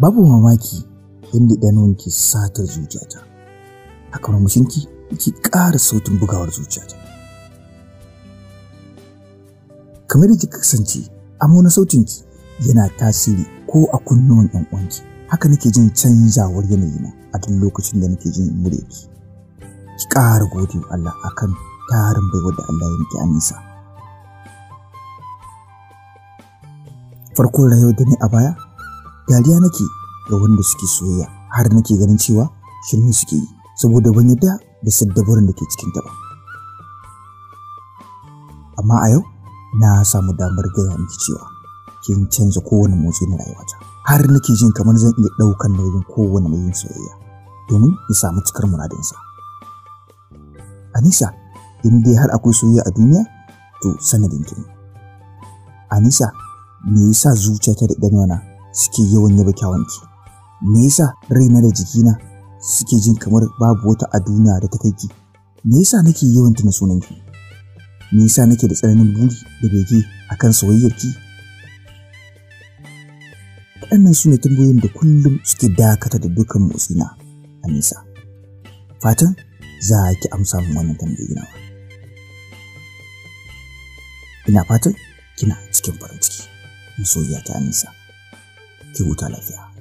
babu mamaki inda idanuwan ke satar zuciyata haka murmushinki ki ƙara sautin bugawar zuciyata kamar da kika kasance amo na sautinki yana tasiri ko a kunnuwan ɗan uwanki haka nake jin canzawar na a duk lokacin da nake jin muryarki ki ƙara gode wa Allah akan tarin baiwar da Allah ya miki Anisa farkon rayuwar da ni a baya dariya nake ga wanda suke soyayya har nake ganin cewa shirme suke yi saboda ban yadda da saddabarin da ke cikin ta ba amma a yau na samu damar gaya miki cewa kin canza kowane motsi na rayuwata har nake jin kamar zan iya ɗaukan nauyin kowane mai soyayya domin ya samu cikar muradinsa anisa in dai har akwai soyayya a duniya to sanadin ki anisa me yasa zuciyata da idanuwana suke yawan yaba kyawanki me yasa raina da jikina suke jin kamar babu wata a duniya da ta kai ki me yasa nake yawan tuna sunanki me yasa nake da tsananin buri da bege akan soyayyarki waɗannan su ne tambayoyin da kullum suke dakata da dukkan motsina a nisa fatan za ki amsa min wannan tambayoyi nawa ina fatan kina cikin farin ciki masoyiya ta nisa Ki huta lafiya